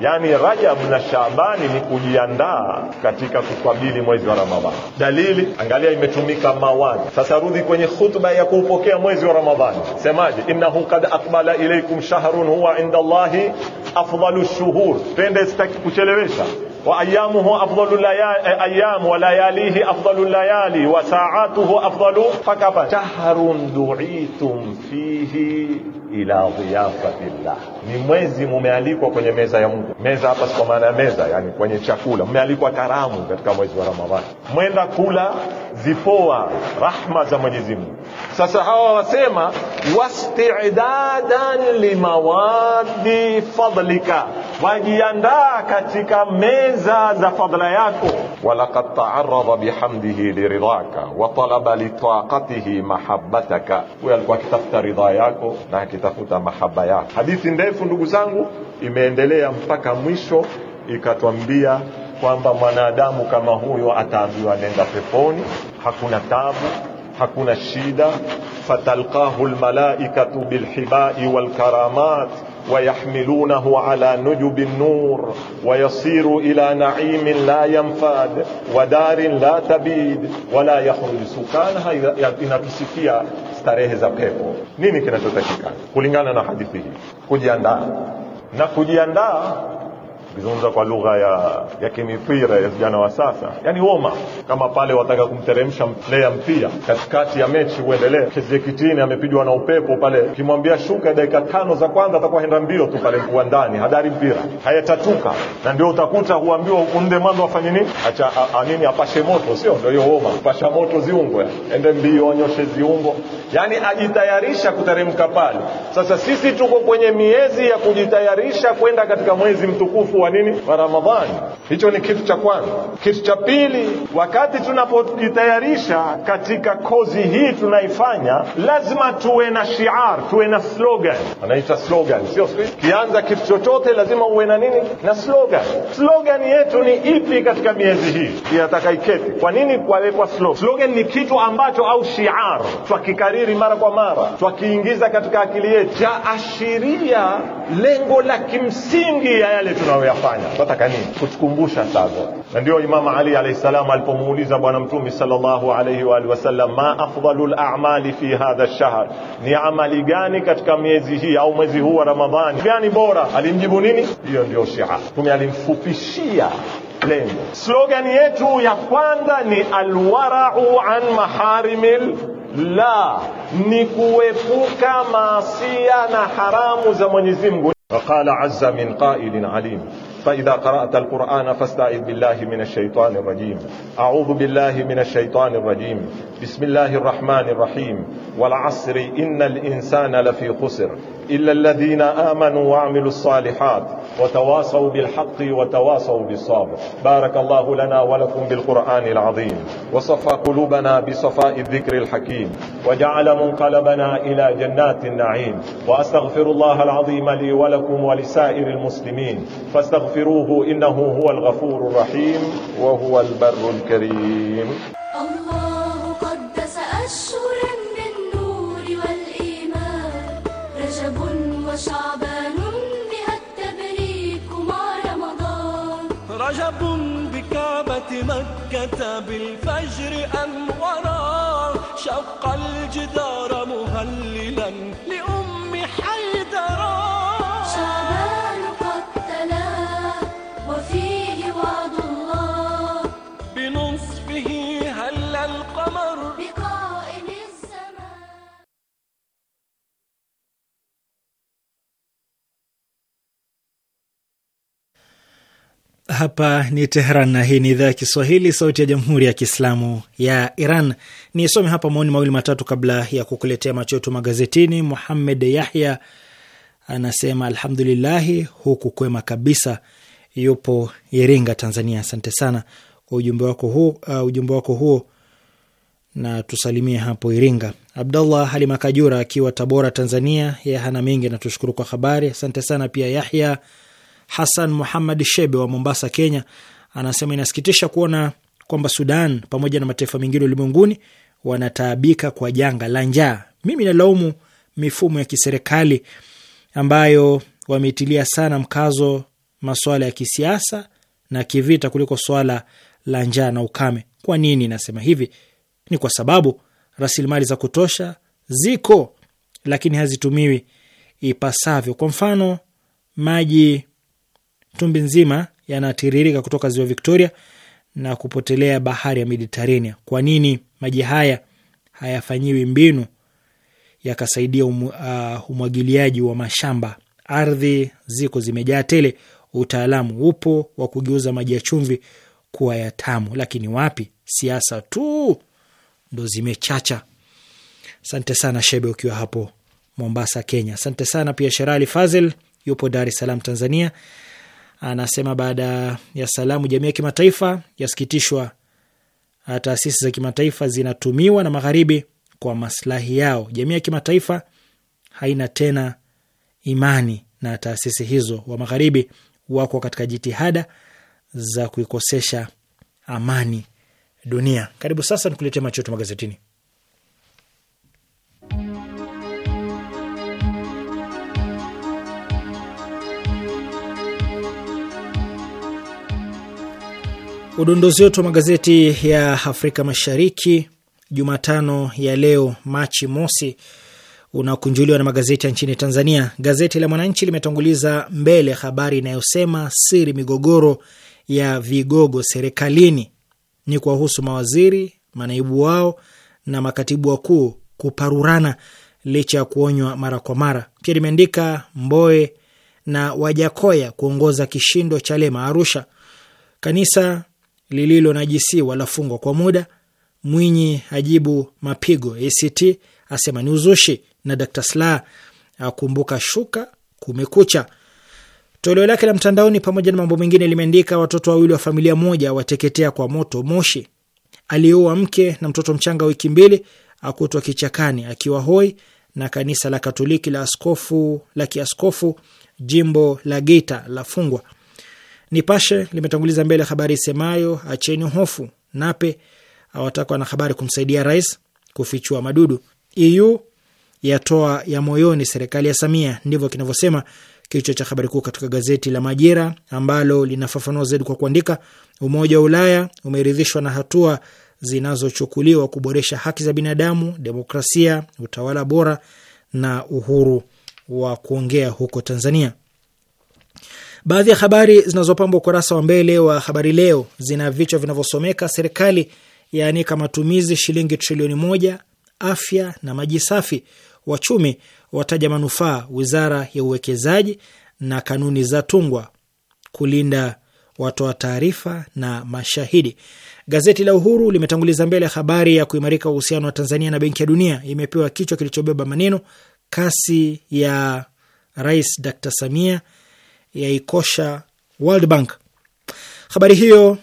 yaani Rajab na shabani ni kujiandaa katika kukabili mwezi wa Ramadhani. Dalili angalia, imetumika mawani. Sasa rudi kwenye khutba ya kuupokea mwezi wa Ramadhani, semaje? Innahu kad aqbala ilaykum shahrun huwa inda Allahi afdalu shuhur, twende, sitaki kuchelewesha wa ayamuhu afdalu ayam eh, wa layalihi afdalu layali wa saatuhu afdalu fakapa shahrun du'itum fihi ila dhiyafati ni mwezi mumealikwa kwenye meza ya Mungu. Meza hapa sikwa maana ya meza, yani kwenye chakula, mmealikwa karamu katika mwezi wa Ramadhani, mwenda kula zipoa rahma za Mwenyezi Mungu. Sasa hawa wasema wastidadan limawadi fadlika, wajiandaa katika meza za fadla yako. walaqad taarada bihamdihi liridhaka wa talaba litaqatihi mahabbataka, huyo alikuwa akitafuta ridha yako na akitafuta mahaba yako. Hadithi ndefu yetu ndugu zangu imeendelea mpaka mwisho ikatwambia kwamba mwanadamu kama huyo ataambiwa nenda peponi hakuna tabu hakuna shida fatalqahu almalaikatu bilhibai walkaramat ويحملونه على نجب النور ويصير إلى نعيم لا ينفاد ودار la tabid wala يخرج سكانها inatusikia starehe za pepo. Nini kinachotakikana kulingana na hadithi hii? Kujiandaa na kujiandaa kizungumza kwa lugha ya ya kimipira ya vijana wa sasa, yani homa, kama pale wataka kumteremsha player mpira katikati ya mechi uendelee. Kitini amepigwa na upepo pale, ukimwambia shuka, dakika tano za kwanza atakuwa henda mbio tu pale uwandani, hadari mpira hayatatuka, na ndio utakuta huambiwa huku nde mando afanye nini, acha anini, apashe moto, sio ndio hiyo homa, pasha moto ziungo, ende mbio, anyoshe ziungo, yani ajitayarisha kuteremka pale. Sasa sisi tuko kwenye miezi ya kujitayarisha kwenda katika mwezi mtukufu wa nini wa Ramadhani. Hicho ni kitu cha kwanza. Kitu cha pili, wakati tunapojitayarisha katika kozi hii tunaifanya, lazima tuwe na shiar, tuwe na slogan, anaita slogan, sio kianza kitu chochote, lazima uwe na nini na slogan. Slogan yetu ni ipi katika miezi hii? Yatakaiketi, kwa nini kwawekwa slogan? Slogan ni kitu ambacho au shiar twakikariri mara kwa mara, twakiingiza katika akili yetu, chaashiria lengo la kimsingi ya yale tunayoya tutafanya twataka nini kutukumbusha sasa na ndio imamu ali alayhi salam alipomuuliza bwana mtume sallallahu alayhi wa alihi wasallam ma afdalul a'mali fi hadha ash-shahr ni amali gani katika miezi hii au mwezi huu wa ramadhani gani bora alimjibu nini hiyo ndio shia mtume alimfupishia lengo slogan yetu ya kwanza ni alwara'u an maharimil la ni kuepuka maasia na haramu za Mwenyezi Mungu. Waqala azza min qailin alim فإذا قرأت القرآن فاستعذ بالله من الشيطان الرجيم أعوذ بالله من الشيطان الرجيم بسم الله الرحمن الرحيم والعصر إن الإنسان لفي خسر إلا الذين آمنوا وعملوا الصالحات وتواصوا بالحق وتواصوا بالصبر بارك الله لنا ولكم بالقرآن العظيم وصفى قلوبنا بصفاء الذكر الحكيم وجعل منقلبنا إلى جنات النعيم وأستغفر الله العظيم لي ولكم ولسائر المسلمين فاستغفروه إنه هو الغفور الرحيم وهو البر الكريم الله قدس أشهر من والإيمان رجب وشعبان رجب بكعبة مكة بالفجر أنورا شق الجدار مهللا لأم حيث Hapa ni Tehran na hii ni idhaa ya Kiswahili, sauti ya jamhuri ya kiislamu ya Iran. Nisome hapa maoni mawili matatu kabla ya kukuletea macho yetu magazetini. Muhammed Yahya anasema alhamdulillahi, huku kwema kabisa, yupo Iringa, Tanzania. Asante sana kwa ujumbe wako huo, uh, ujumbe wako huo na tusalimie hapo Iringa. Abdallah Halima akiwa Tabora, Tanzania, yeye hana mengi, natushukuru kwa habari. Asante sana pia Yahya Hassan Muhammad Shebe wa Mombasa, Kenya, anasema inasikitisha kuona kwamba Sudan pamoja na mataifa mengine ulimwenguni wanataabika kwa janga la njaa. Mimi nalaumu mifumo ya kiserikali ambayo wameitilia sana mkazo masuala ya kisiasa na kivita kuliko swala la njaa na ukame. Kwa nini nasema hivi? Ni kwa sababu rasilimali za kutosha ziko, lakini hazitumiwi ipasavyo. Kwa mfano, maji tumbi nzima yanatiririka kutoka ziwa Victoria na kupotelea bahari ya Mediterania. Kwa nini maji haya hayafanyiwi mbinu yakasaidia um, uh, umwagiliaji wa mashamba? Ardhi ziko zimejaa tele, utaalamu upo wa kugeuza maji ya chumvi kuwa ya tamu, lakini wapi, siasa tu ndo zimechacha. Asante sana Shebe, ukiwa hapo Mombasa, Kenya. Asante sana pia Sherali Fazel, yupo Dar es Salaam, Tanzania anasema baada ya salamu, jamii ya kimataifa yasikitishwa ah, taasisi za kimataifa zinatumiwa na magharibi kwa maslahi yao. Jamii ya kimataifa haina tena imani na taasisi hizo. Wa magharibi wako katika jitihada za kuikosesha amani dunia. Karibu sasa nikuletea macho yetu magazetini. Udondozi wetu wa magazeti ya Afrika Mashariki Jumatano ya leo Machi mosi unakunjuliwa na magazeti ya nchini Tanzania. Gazeti la Mwananchi limetanguliza mbele habari inayosema siri migogoro ya vigogo serikalini ni kuwahusu mawaziri, manaibu wao na makatibu wakuu kuparurana licha ya kuonywa mara kwa mara. Pia limeandika Mboe na Wajakoya kuongoza kishindo Chalema Arusha. Kanisa lililonajisiwa lafungwa kwa muda. Mwinyi ajibu mapigo. ACT asema ni uzushi, na Dr. Sla akumbuka shuka kumekucha. Toleo lake la mtandaoni, pamoja na mambo mengine, limeandika watoto wawili wa familia moja wateketea kwa moto Moshi, aliyeua mke na mtoto mchanga wiki mbili akutwa kichakani akiwa hoi, na kanisa la Katoliki la askofu la kiaskofu jimbo la Geita lafungwa. Nipashe limetanguliza mbele habari isemayo acheni hofu, Nape awataka wanahabari kumsaidia rais kufichua madudu, EU yatoa ya moyoni serikali ya Samia. Ndivyo kinavyosema kichwa cha habari kuu katika gazeti la Majira ambalo linafafanua zaidi kwa kuandika, Umoja wa Ulaya umeridhishwa na hatua zinazochukuliwa kuboresha haki za binadamu, demokrasia, utawala bora na uhuru wa kuongea huko Tanzania. Baadhi ya habari zinazopambwa ukurasa wa mbele wa Habari Leo zina vichwa vinavyosomeka: serikali yaanika matumizi shilingi trilioni moja, afya na maji safi, wachumi wataja manufaa wizara ya uwekezaji na kanuni za tungwa kulinda watoa taarifa na mashahidi. Gazeti la Uhuru limetanguliza mbele habari ya kuimarika uhusiano wa Tanzania na Benki ya Dunia, imepewa kichwa kilichobeba maneno kasi ya Rais Dr Samia yaikosha World Bank. Habari hiyo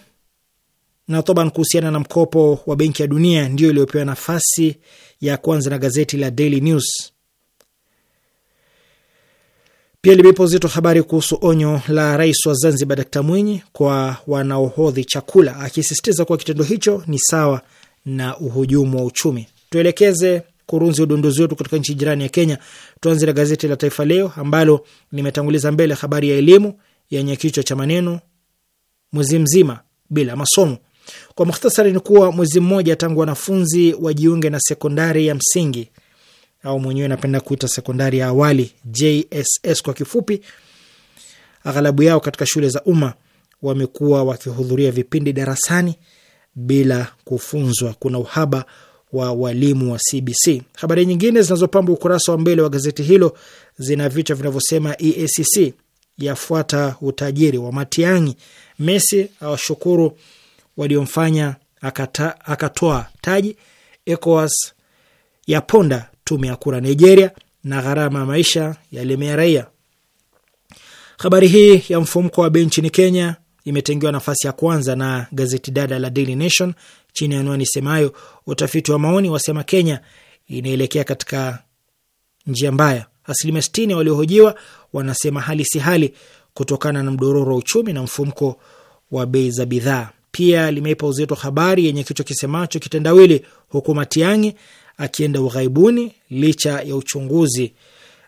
na toban kuhusiana na mkopo wa Benki ya Dunia ndiyo iliyopewa nafasi ya kwanza na gazeti la Daily News. Pia limepo zito habari kuhusu onyo la rais wa Zanzibar Dkt Mwinyi kwa wanaohodhi chakula, akisisitiza kuwa kitendo hicho ni sawa na uhujumu wa uchumi. Tuelekeze kurunzi udunduzi wetu katika nchi jirani ya Kenya. Tuanze na gazeti la Taifa Leo ambalo nimetanguliza mbele habari ya elimu yenye kichwa cha maneno mwezi mzima bila masomo. Kwa mukhtasari, ni kuwa mwezi mmoja tangu wanafunzi wajiunge na sekondari ya msingi au mwenyewe napenda kuita sekondari ya awali JSS kwa kifupi, aghalabu yao katika shule za umma wamekuwa wakihudhuria vipindi darasani bila kufunzwa. Kuna uhaba wa walimu wa CBC. Habari nyingine zinazopamba ukurasa wa mbele wa gazeti hilo zina vichwa vinavyosema EACC yafuata utajiri wa Matiangi, Messi awashukuru waliomfanya akatoa taji, ECOWAS ya ponda tume ya kura Nigeria, na gharama ya maisha yalemea raia. Habari hii ya mfumko wa bei nchini Kenya imetengewa nafasi ya kwanza na gazeti dada la Daily Nation chini ya anwani semayo utafiti wa maoni wasema Kenya inaelekea katika njia mbaya. Asilimia sitini waliohojiwa wanasema hali si hali kutokana na mdororo wa uchumi na mfumko wa bei za bidhaa. Pia limeipa uzito habari yenye kichwa kisemacho kitendawili, huku Matiang'i akienda ughaibuni licha ya uchunguzi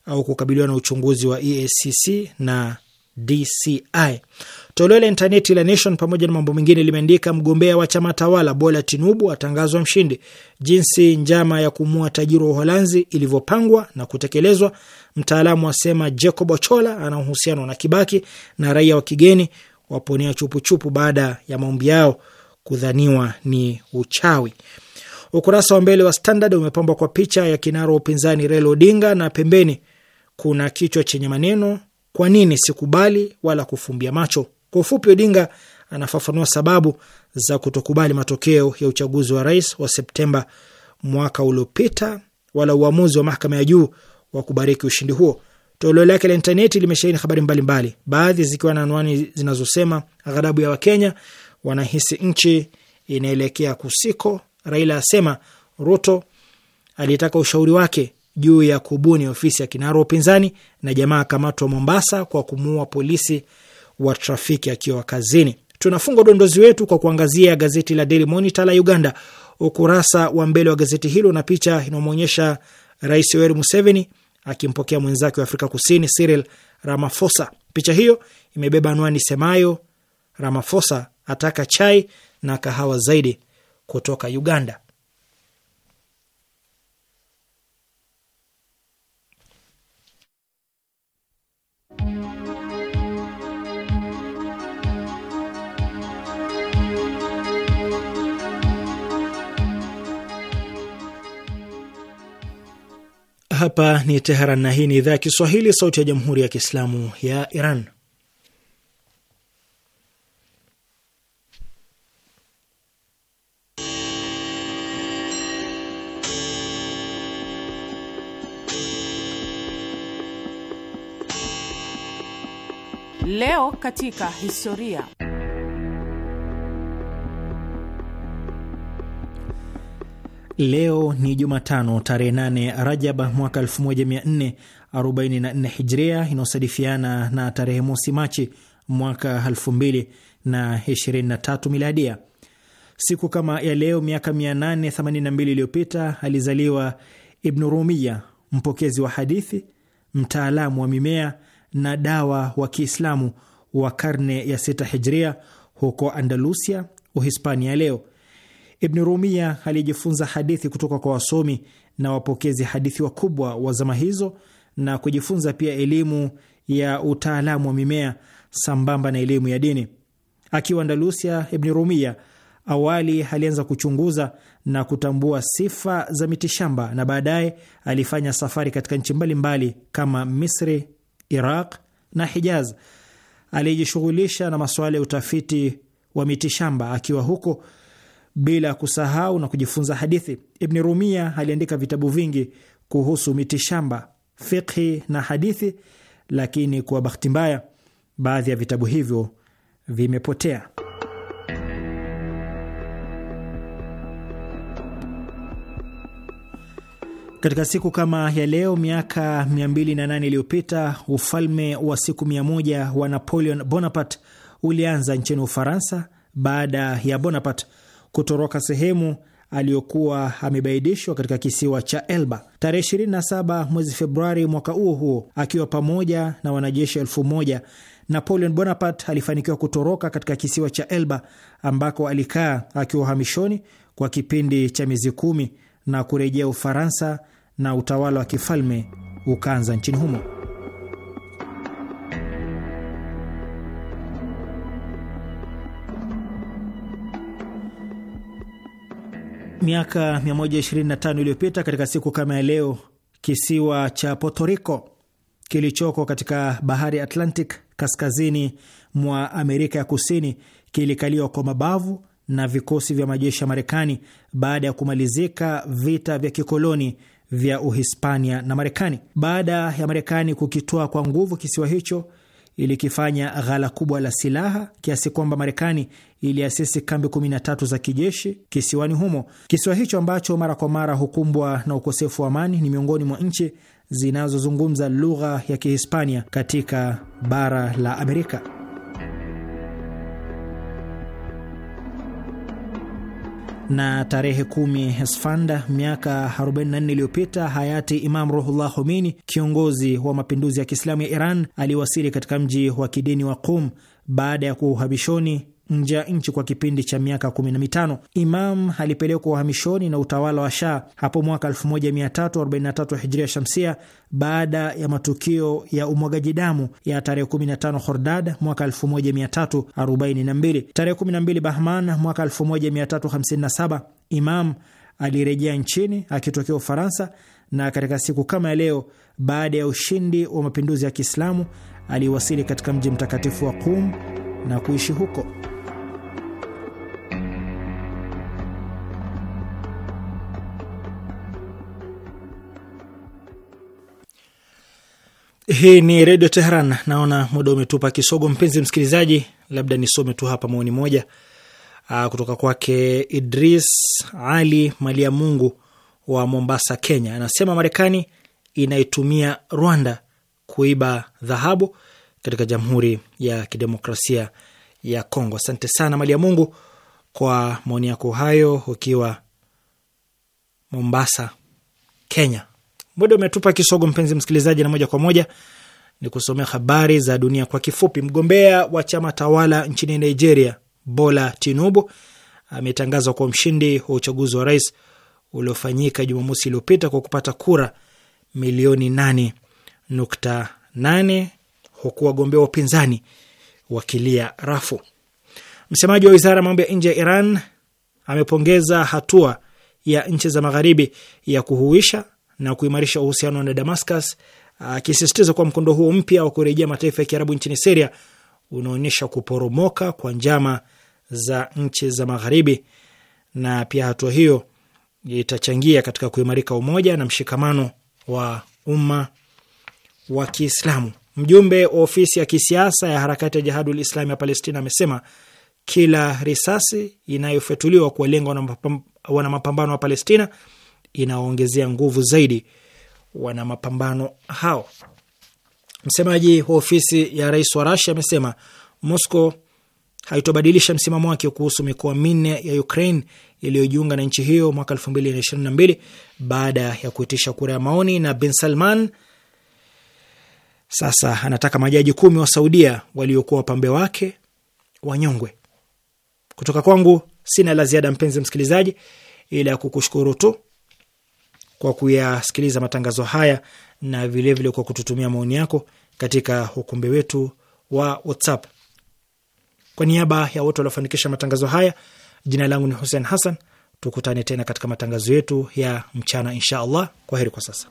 au kukabiliwa na uchunguzi wa EACC na DCI. Toleo la intaneti la Nation pamoja na mambo mengine limeandika mgombea wa chama tawala Bola Tinubu atangazwa mshindi, jinsi njama ya kumua tajiri wa Uholanzi ilivyopangwa na kutekelezwa, mtaalamu asema Jacob Ochola ana uhusiano na Kibaki, na raia wa kigeni waponea chupuchupu baada ya maombi yao kudhaniwa ni uchawi. Ukurasa wa mbele wa Standard umepambwa kwa picha ya kinara wa upinzani Raila Odinga na pembeni kuna kichwa chenye maneno kwa nini sikubali wala kufumbia macho. Kwa ufupi, Odinga anafafanua sababu za kutokubali matokeo ya uchaguzi wa rais wa Septemba mwaka uliopita wala uamuzi wa mahakama ya juu wa kubariki ushindi huo. Toleo lake la intaneti limesheheni habari mbalimbali baadhi zikiwa na anwani zinazosema ghadhabu ya Wakenya wanahisi nchi inaelekea kusiko. Raila asema Ruto alitaka ushauri wake juu ya kubuni ofisi ya kinara upinzani, na jamaa akamatwa Mombasa kwa kumuua polisi wa trafiki akiwa kazini. Tunafunga udondozi wetu kwa kuangazia gazeti la Daily Monitor la Uganda. Ukurasa wa mbele wa gazeti hilo na picha inamwonyesha Rais Yoweri Museveni akimpokea mwenzake wa Afrika Kusini Cyril Ramaphosa. Picha hiyo imebeba anwani semayo Ramaphosa ataka chai na kahawa zaidi kutoka Uganda. Hapa ni Teheran na hii ni idhaa ya Kiswahili, sauti ya jamhuri ya kiislamu ya Iran. Leo katika historia Leo ni Jumatano tarehe 8 Rajab mwaka 1444 Hijria, inayosadifiana na tarehe mosi Machi mwaka 2023 Miladia. Siku kama ya leo miaka 882 iliyopita alizaliwa Ibnu Rumiya, mpokezi wa hadithi, mtaalamu wa mimea na dawa wa Kiislamu wa karne ya sita Hijria, huko Andalusia, Uhispania leo Ibn Rumia aliyejifunza hadithi kutoka kwa wasomi na wapokezi hadithi wakubwa wa zama hizo na kujifunza pia elimu ya utaalamu wa mimea sambamba na elimu ya dini. Akiwa Andalusia, Ibn Rumia awali alianza kuchunguza na kutambua sifa za mitishamba na baadaye alifanya safari katika nchi mbalimbali kama Misri, Iraq na Hijaz. Alijishughulisha na masuala ya utafiti wa mitishamba. Akiwa huko bila kusahau na kujifunza hadithi. Ibni Rumia aliandika vitabu vingi kuhusu mitishamba, fiqhi na hadithi, lakini kwa bahati mbaya baadhi ya vitabu hivyo vimepotea. Katika siku kama ya leo miaka 208 iliyopita ufalme wa siku 100 wa Napoleon Bonaparte ulianza nchini Ufaransa baada ya Bonaparte kutoroka sehemu aliyokuwa amebaidishwa katika kisiwa cha Elba tarehe 27 mwezi Februari mwaka huo huo, akiwa pamoja na wanajeshi elfu moja. Napoleon Bonaparte alifanikiwa kutoroka katika kisiwa cha Elba ambako alikaa akiwa uhamishoni kwa kipindi cha miezi kumi na kurejea Ufaransa na utawala wa kifalme ukaanza nchini humo. Miaka 125 iliyopita katika siku kama ya leo, kisiwa cha Potoriko kilichoko katika bahari Atlantic kaskazini mwa Amerika ya Kusini kilikaliwa kwa mabavu na vikosi vya majeshi ya Marekani baada ya kumalizika vita vya kikoloni vya Uhispania na Marekani. Baada ya Marekani kukitoa kwa nguvu kisiwa hicho ilikifanya ghala kubwa la silaha kiasi kwamba Marekani iliasisi kambi 13 za kijeshi kisiwani humo. Kisiwa hicho ambacho mara kwa mara hukumbwa na ukosefu wa amani ni miongoni mwa nchi zinazozungumza lugha ya Kihispania katika bara la Amerika. na tarehe kumi Esfanda miaka 44 iliyopita hayati Imam Ruhullah Khomeini, kiongozi wa mapinduzi ya Kiislamu ya Iran, aliwasili katika mji wa kidini wa Qum baada ya kuwa uhamishoni nje ya nchi kwa kipindi cha miaka 15. Imam alipelekwa uhamishoni na utawala wa Shah hapo mwaka 1343 hijria shamsia baada ya matukio ya umwagaji damu ya tarehe 15 Hordad mwaka 1342. Tarehe 12 Bahman mwaka 1357 Imam alirejea nchini akitokea Ufaransa, na katika siku kama ya leo, baada ya ushindi wa mapinduzi ya Kiislamu, aliwasili katika mji mtakatifu wa Qum na kuishi huko. Hii ni Redio Teheran. Naona muda umetupa kisogo, mpenzi msikilizaji, labda nisome tu hapa maoni moja aa, ah, kutoka kwake Idris Ali Malia Mungu wa Mombasa, Kenya. Anasema Marekani inaitumia Rwanda kuiba dhahabu katika Jamhuri ya Kidemokrasia ya Kongo. Asante sana Malia Mungu kwa maoni yako hayo, ukiwa Mombasa, Kenya. Muda umetupa kisogo, mpenzi msikilizaji, na moja kwa moja ni kusomea habari za dunia kwa kifupi. Mgombea wa chama tawala nchini Nigeria, Bola Tinubu, ametangazwa kwa mshindi wa uchaguzi wa rais uliofanyika Jumamosi iliyopita kwa kupata kura milioni 8.8 huku wagombea wa upinzani wakilia rafu. Msemaji wa wizara ya mambo ya nje ya Iran amepongeza hatua ya nchi za magharibi ya kuhuisha na kuimarisha uhusiano na Damascus, akisisitiza kuwa mkondo huo mpya wa kurejea mataifa ya Kiarabu nchini Siria unaonyesha kuporomoka kwa njama za nchi za Magharibi, na pia hatua hiyo itachangia katika kuimarika umoja na mshikamano wa umma wa Kiislamu. Mjumbe wa ofisi ya kisiasa ya harakati ya Jihadul Islami ya Palestina amesema kila risasi inayofyatuliwa kuwalenga wana mapambano wa Palestina inaongezea nguvu zaidi wana mapambano hao. Msemaji wa ofisi ya rais wa Rasia amesema Moscow haitobadilisha msimamo wake kuhusu mikoa minne ya Ukraine iliyojiunga na nchi hiyo mwaka mbili baada ya kuitisha kura ya maoni. Na Bin Salman sasa anataka majaji kumi wa Saudia waliokuwa wapambe wake wanyongwe. Kutoka kwangu sina la ziada, mpenzi msikilizaji, ila ya kukushukuru tu kwa kuyasikiliza matangazo haya na vilevile vile kwa kututumia maoni yako katika ukumbi wetu wa WhatsApp. Kwa niaba ya wote waliofanikisha matangazo haya, jina langu ni Hussein Hassan. Tukutane tena katika matangazo yetu ya mchana, insha Allah. Kwa heri kwa sasa.